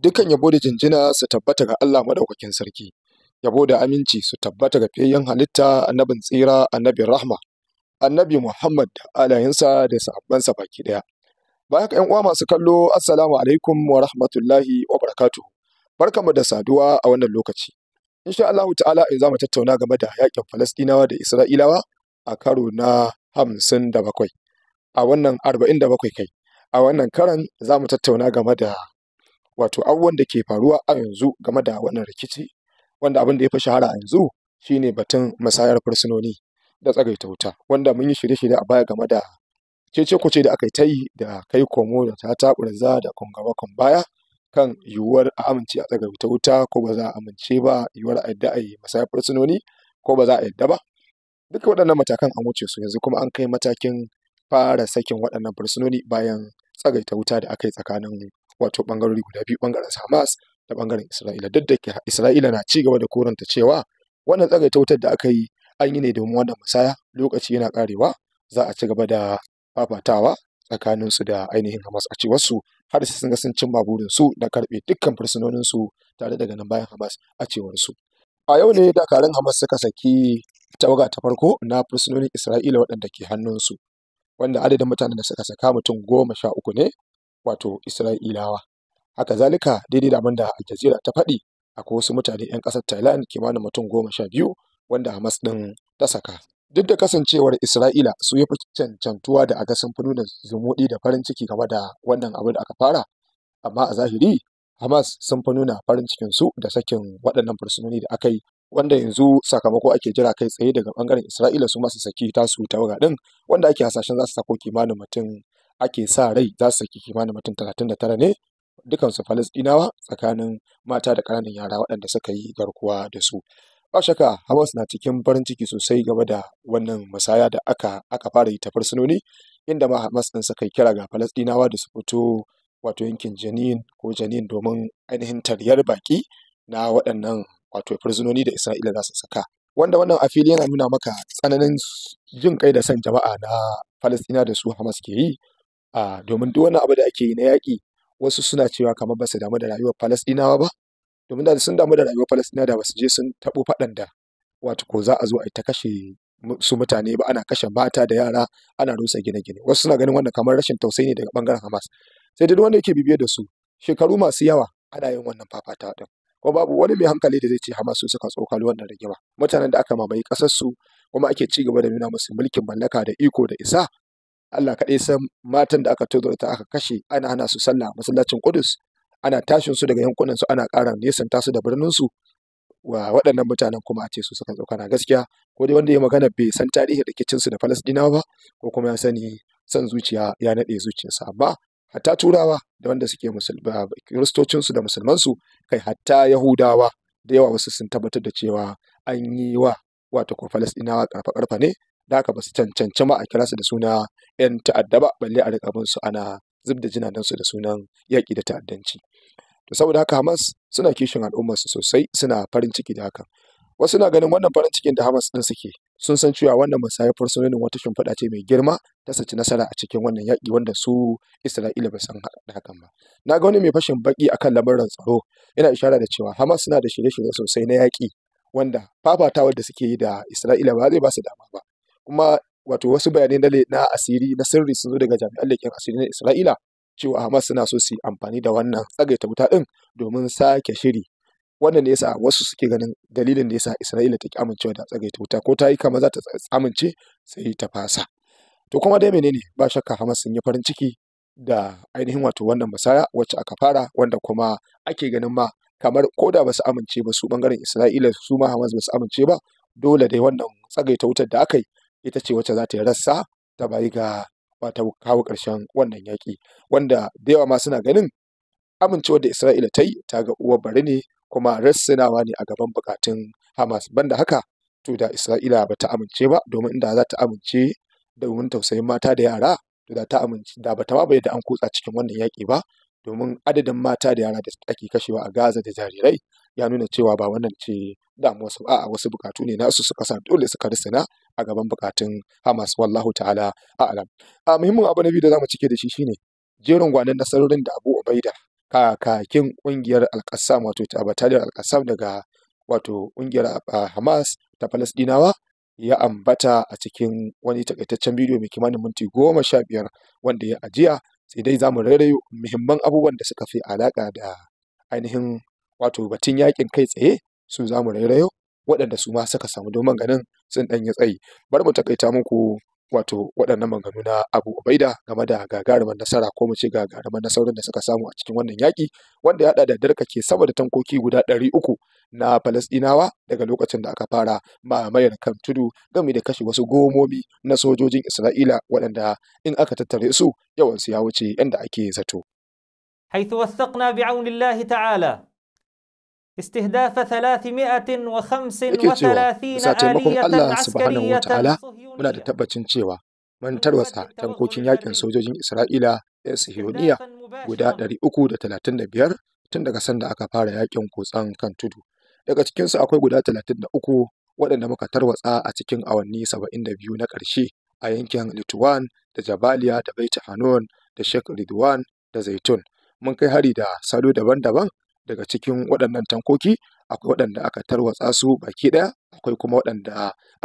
dukan yabo da jinjina su tabbata ga Allah madaukakin sarki yabo da aminci su tabbata ga fiyayyen halitta annabin tsira annabi rahma annabi Muhammad da alayensa da sahabbansa baki daya ba haka uwa masu kallo assalamu alaikum wa rahmatullahi wa barakatuh barkamu da saduwa a wannan lokaci insha Allah ta'ala in zamu tattauna game da yakin Falastinawa da Isra'ilawa a karo na hamsin da bakwai a wannan arba'in da bakwai kai a wannan karan za mu tattauna game da wato abubuwan da ke faruwa a yanzu game da wannan rikici wanda abin da ya fi shahara a yanzu shine batun musayar fursunoni da tsagaita wuta wanda mun yi shirye-shirye a baya game da cece kuce da aka yi ta yi da kai komo da ta taɓurza da kongaba baya kan yiwuwar a amince a tsagaita wuta ko ba za a amince ba yiwuwar a yadda a yi musayar fursunoni ko ba za a yadda ba duka waɗannan matakan an wuce su yanzu kuma an kai matakin fara sakin waɗannan fursunoni bayan tsagaita wuta da aka yi tsakanin wato bangarori guda biyu bangaren Hamas da bangaren Isra'ila duk da ke Isra'ila na ci gaba da koranta cewa wannan tsagaita wutar da aka yi an yi ne domin wannan musaya lokaci yana karewa za a ci gaba da fafatawa tsakanin su da ainihin Hamas a cewar su har sai sun ga sun cimma burin su da karbe dukkan fursunonin su tare da nan bayan Hamas a cewar su a yau ne dakarun Hamas suka saki tawaga ta farko na fursunonin Isra'ila waɗanda ke hannun su wanda adadin mutanen da suka saka mutum goma sha uku ne wato Isra'ilawa. Haka zalika daidai da abin da Al ta faɗi akwai wasu mutane 'yan ƙasar Thailand kimanin mutum goma sha biyu wanda Hamas ɗin ta saka. Duk da kasancewar Isra'ila su ya cancantuwa da aga sun fi nuna zumuɗi da farin ciki game da wannan abin da aka fara, amma a zahiri Hamas sun fi nuna farin cikin su da sakin waɗannan fursunoni da aka yi wanda yanzu sakamako ake jira kai tsaye daga bangaren Isra'ila su masu saki tasu tawaga ɗin wanda ake hasashen za su sako kimanin mutum ake sa rai za su saki kimanin mutum talatin da tara ne dukansu Falasɗinawa tsakanin mata da ƙananan yara waɗanda suka yi garkuwa da su. Ba shaka Hamas na cikin farin ciki sosai game da wannan musaya da aka aka fara yi ta fursunoni inda ma Hamas ɗin suka yi kira ga Falasɗinawa da su fito wato yankin Janin ko Janin domin ainihin taryar baki na waɗannan wato fursunoni da Isra'ila za su saka. Wanda wannan a fili yana nuna maka tsananin jin kai da san jama'a na Falasɗina da su Hamas ke yi a domin duk wani abu da ake yi na yaƙi wasu suna cewa kamar ba su damu da rayuwar Falasɗinawa ba domin da sun damu da rayuwar Falasɗinawa da ba su je sun taɓo faɗan da wato ko za a zo a yi ta kashe su mutane ba ana kashe mata da yara ana rusa gine-gine wasu suna ganin wannan kamar rashin tausayi ne daga bangaren Hamas sai dai wanda yake bibiye da su shekaru masu yawa ana yin wannan fafata din kuma babu wani mai hankali da zai ce Hamas su suka tsokalo wannan rigima mutanen da aka mamaye kasar su kuma ake ci gaba da nuna musu mulkin mallaka da iko da isa Allah kaɗai san matan da aka tozarta aka kashe ana hana su sallah masallacin Qudus ana tashin su daga yankunan su ana ƙara nesanta su da birnin su wa waɗannan mutanen kuma a ce su suka tsokana gaskiya ko dai wanda ya magana bai san tarihi kicin su da Falastinawa ba ko kuma ya sani san zuciya ya naɗe zuciyarsa amma hatta turawa da wanda suke kiristocin su da musulman su kai hatta yahudawa da yawa wasu sun tabbatar da cewa an yi wa wato ko Falastinawa karfa karfa ne da haka ba su cancanci ma a kira su da suna 'yan ta'adda ba balle a riƙa su ana zub da su da sunan yaƙi da ta'addanci to saboda haka hamas suna kishin al'ummar su sosai suna farin ciki da hakan wasu na ganin wannan farin cikin da hamas ɗin suke sun san cewa wannan musayar fursunonin wata shimfiɗa ce mai girma ta saci nasara a cikin wannan yaƙi wanda su isra'ila ba san da hakan ba na ga wani mai fashin baki akan lamarin tsaro yana ishara da cewa hamas suna da shirye-shirye sosai na yaƙi wanda fafatawar da suke yi da isra'ila ba zai ba su dama ba kuma wato wasu bayanai na asiri na sirri sun zo daga jami'an leƙen asiri na Isra'ila cewa Hamas suna so su yi amfani da wannan tsagaita wuta ɗin domin sake shiri wannan ne yasa wasu suke ganin dalilin da yasa Isra'ila ta ki amincewa da tsagaita wuta ko ta yi kama za ta amince sai ta fasa to kuma dai menene ba shakka Hamas sun yi farin ciki da ainihin wato wannan masaya wacce aka fara wanda kuma ake ganin ma kamar ko da ba su amince ba su bangaren Isra'ila su ma Hamas ba su amince ba dole dai wannan tsagaita wutar da aka yi ita ce wacce za ta yi rassa ta bayi ga ta kawo ƙarshen wannan yaƙi wanda da yawa ma suna ganin amincewar da isra'ila ta yi ta ga uwar bari ne kuma rassinawa ne a gaban bukatun hamas banda haka to da isra'ila ba ta amince ba domin inda za ta amince domin tausayin mata da yara to da ta amince da ba ta ma da an kutsa cikin wannan yaƙi ba domin adadin mata da yara da ake kashewa a gaza da jarirai ya nuna cewa ba wannan ce su a'a wasu bukatu ne nasu suka sa dole suka rissana a gaban bukatun Hamas wallahu ta'ala a'lam. A muhimmin abu na biyu da zamu cike da shi shine jerin gwanin nasarorin da Abu Ubaida kakakin kungiyar Al-Qassam wato ta bataliyar Al-Qassam daga wato kungiyar Hamas ta Falasdinawa ya ambata a cikin wani takaitaccen bidiyo mai kimanin minti goma sha biyar wanda ya ajiya sai dai zamu rairayo muhimman abubuwan da suka fi alaka da ainihin wato batun yakin kai tsaye su zamu rairayo waɗanda su ma suka samu domin ganin sun ɗan yi tsayi bari mu takaita muku wato waɗannan maganganu na Abu Ubaida game da gagarumar nasara ko mu ce gagarumar nasarorin da suka samu a cikin wannan yaki wanda ya haɗa da darkake sama da tankoki guda ɗari uku na Falasɗinawa daga lokacin da aka fara mamayar kan tudu game da kashe wasu gomomi na sojojin Isra'ila waɗanda in aka tattare su yawansu ya wuce yadda ake zato. حيث وثقنا بعون الله تعالى استهداف 335 taimakon Allah subhanahu wataala muna da tabbacin cewa mun tarwatsa tankokin yakin sojojin Isra'ila da Sihiyoniya guda 335 tun daga sanda aka fara yakin kutsan kan tudu daga cikinsu akwai guda 33 waɗanda muka tarwatsa a cikin awanni 72 na ƙarshe a yankin Litwan da Jabaliya da Bait Hanun da Sheikh Ridwan da Zaitun mun kai hari da salo daban-daban daga cikin waɗannan tankoki akwai waɗanda aka tarwatsa su baki ɗaya akwai kuma waɗanda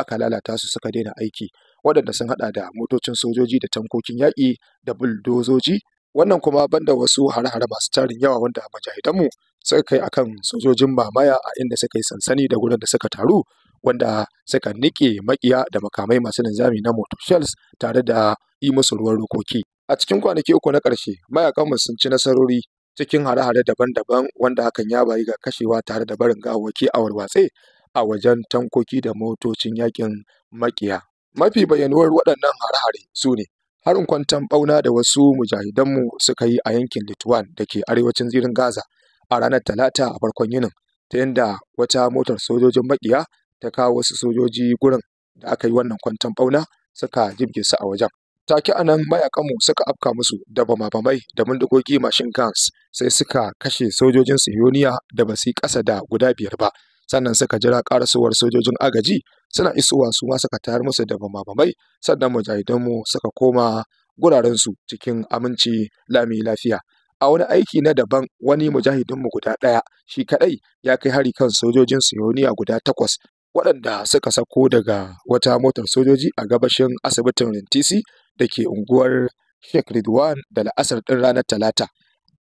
aka lalata su suka daina aiki waɗanda sun haɗa da motocin sojoji da tankokin yaƙi da buldozoji wannan kuma banda wasu hare-hare masu tarin yawa wanda mujahidanmu suka kai akan sojojin mamaya a inda suka yi sansani da gurin da suka taru wanda suka nike makiya da makamai masu linzami na motor shells tare da yi musu ruwan rokoki a cikin kwanaki uku na ƙarshe mayakanmu sun ci nasarori cikin hare-hare daban-daban wanda hakan ya bayi ga kashewa tare da barin gawaki a warwatse a wajen tankoki da motocin yakin makiya. Mafi bayyanuwar waɗannan hare-hare su ne harin kwantan ɓauna da wasu mujahidanmu suka yi a yankin Litwan da ke arewacin zirin Gaza a ranar Talata a farkon yinin ta yadda wata motar sojojin makiya ta kawo wasu sojoji gurin da aka yi wannan kwantan ɓauna suka jibge su a wajen. take a nan mayakanmu suka afka musu da bama-bamai da bindigogi mashin guns sai suka kashe sojojin siyoniya da basu ƙasa da guda biyar ba sannan suka jira karasuwar sojojin agaji suna isowa su ma suka tayar musu da bama-bamai sannan mujahidanmu suka koma gurarensu cikin aminci lami lafiya a wani aiki na daban wani mujahidinmu guda ɗaya shi kaɗai ya kai hari kan sojojin siyoniya guda takwas waɗanda suka sako daga wata motar sojoji a gabashin asibitin rintisi da ke unguwar Sheikh Ridwan da la'asar ɗin ranar Talata.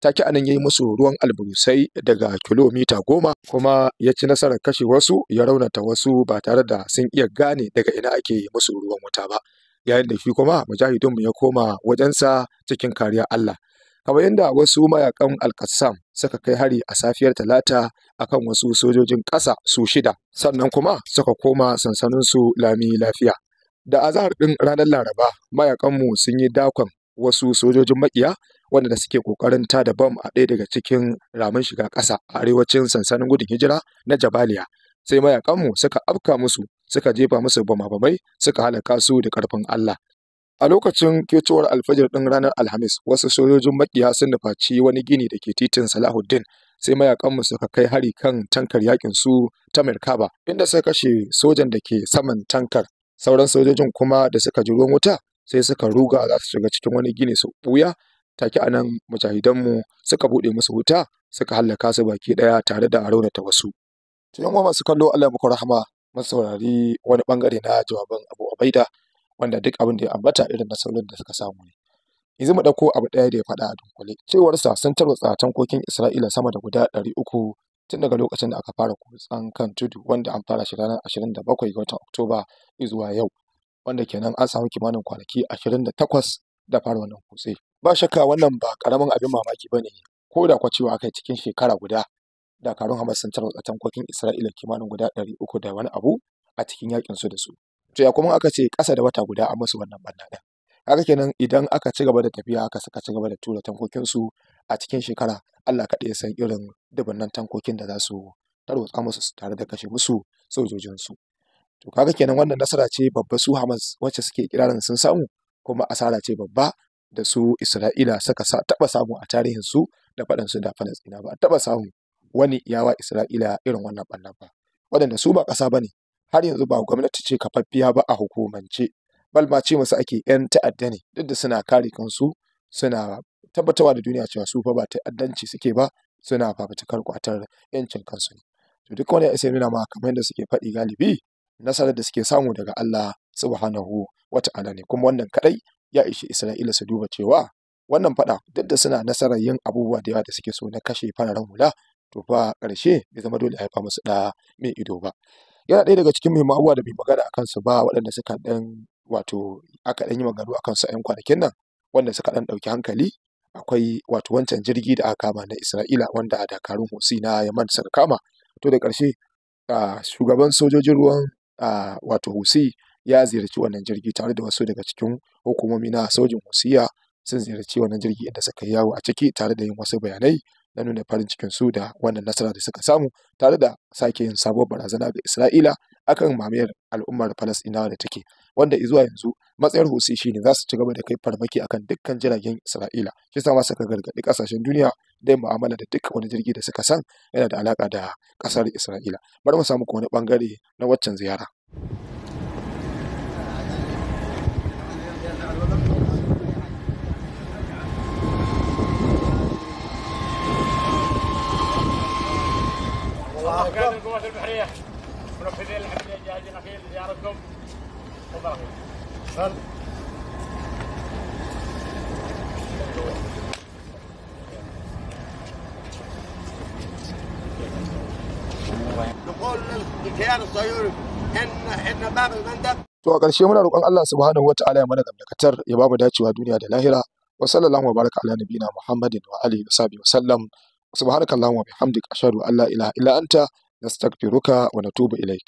Take anan ya yi musu ruwan alburusai daga kilomita goma kuma ya ci nasarar kashe wasu ya raunata wasu ba tare da sun iya gane daga ina ake musu ruwan wuta ba. Yayin da shi kuma mu ya koma wajensa cikin kariya Allah. kamar yadda wasu mayakan alkassam suka kai hari a safiyar talata akan wasu sojojin ƙasa su shida sannan kuma suka koma sansaninsu lami lafiya da azahar ɗin ranar laraba mayakanmu sun yi dakon wasu sojojin makiya wanda suke ƙoƙarin ta da bam a ɗaya daga cikin ramin shiga ƙasa a arewacin sansanin gudun hijira na jabaliya sai mayakanmu suka afka musu suka jefa musu bama-bamai suka halaka su da ƙarfin allah a lokacin kecewar alfajir ɗin ranar alhamis wasu sojojin makiya sun nufaci wani gini da ke titin salahuddin sai mayakanmu suka kai hari kan tankar yakin su ta Merkaba inda suka kashe sojan da ke saman tankar sauran sojojin kuma da suka ji ruwan wuta sai suka ruga za su shiga cikin wani gini su buya take anan mu suka buɗe musu wuta suka hallaka su baki ɗaya tare da raunata wasu to yan masu kallo Allah muku rahama mun saurari wani bangare na jawabin Abu Ubaida wanda duk abin da ya ambata irin na sauran da suka samu ne yanzu mu ɗauko abu ɗaya da ya faɗa a dunkule cewarsa sun tarwatsa tankokin Isra'ila sama da guda ɗari uku tun daga lokacin da aka fara kutsan kan tudu wanda an fara shi ranar 27 ga watan Oktoba zuwa yau wanda kenan an samu kimanin kwanaki 28 da fara wannan kutse. Ba shakka wannan ba karamin abin mamaki ba ne ko da kwacewa cewa aka yi cikin shekara guda dakarun Hamas sun tarwatsa tankokin Isra'ila kimanin guda 300 da wani abu a cikin yakin su da su. To ya kuma aka ce ƙasa da wata guda a musu wannan banna ɗin. Haka kenan idan aka ci gaba da tafiya aka saka ci gaba da tura tankokin su a cikin shekara Allah kaɗai ya san irin dubannan tankokin da za su tarwatsa musu tare da kashe musu sojojinsu. To kaga kenan wannan nasara ce babba su Hamas wacce suke kirarin sun samu kuma asara ce babba da su Isra'ila suka taɓa samu a tarihin su da faɗansu da Falasɗina ba a taɓa samu wani yawa Isra'ila irin wannan ɓannan ba. Waɗanda su ba ƙasa ba ne har yanzu ba gwamnati ce kafaffiya ba a hukumance balma ce musu ake 'yan ta'adda ne duk da suna kare kansu suna tabbatarwa da duniya cewa su fa ba ta'addanci suke ba suna fafutukar kwatar yancin kansu ne to duk wani sai nuna ma kamar yadda suke faɗi galibi nasarar da suke samu daga Allah subhanahu wata'ala ne kuma wannan kadai ya ishi Isra'ila su duba cewa wannan fada duk da suna nasarar yin abubuwa da yawa da suke so na kashe fararen hula to fa ƙarshe bai zama dole a haifa musu ɗa mai ido ba yana ɗaya daga cikin muhimman abubuwa da bai magana a kansu ba waɗanda suka ɗan wato aka ɗan yi maganu a kansu a 'yan kwanakin nan wanda suka ɗan ɗauki hankali akwai wato wancan jirgi da aka kama na isra'ila wanda a dakarun Hosi na yaman suka kama to da ƙarshe shugaban sojojin ruwan wato husi ya ziyarci wannan jirgi tare da wasu daga cikin hukumomi na sojin husiya sun ziyarci wannan jirgi inda suka yi yawo a ciki tare da yin wasu bayanai na nuna farin cikin su da wannan nasara da suka samu tare da sake yin sabuwar barazana ga isra'ila akan mamayar al'ummar Falasɗinawa da take wanda zuwa yanzu matsayar Husi shine za su ci gaba da kai farmaki akan dukkan jiragen Isra'ila shi sa ma gargadi kasashen duniya da mu'amala da duk wani jirgi da suka san yana da alaƙa da ƙasar Isra'ila bari mu samu wani bangare na waccan ziyara منوحدين الحمدين جاهزين اخير لزيارتكم وبركاته. صل. نقول للكيان الصهيوني ان ان باب الخندق To a ƙarshe muna roƙon Allah subhanahu wa ta'ala ya mana gamdakatar ya bamu dacewa duniya da lahira wa sallallahu wa baraka ala nabiyina Muhammadin wa alihi wa sahbihi wa sallam subhanakallahumma wa bihamdika ashhadu an la ilaha illa anta nastaghfiruka wa natubu ilaik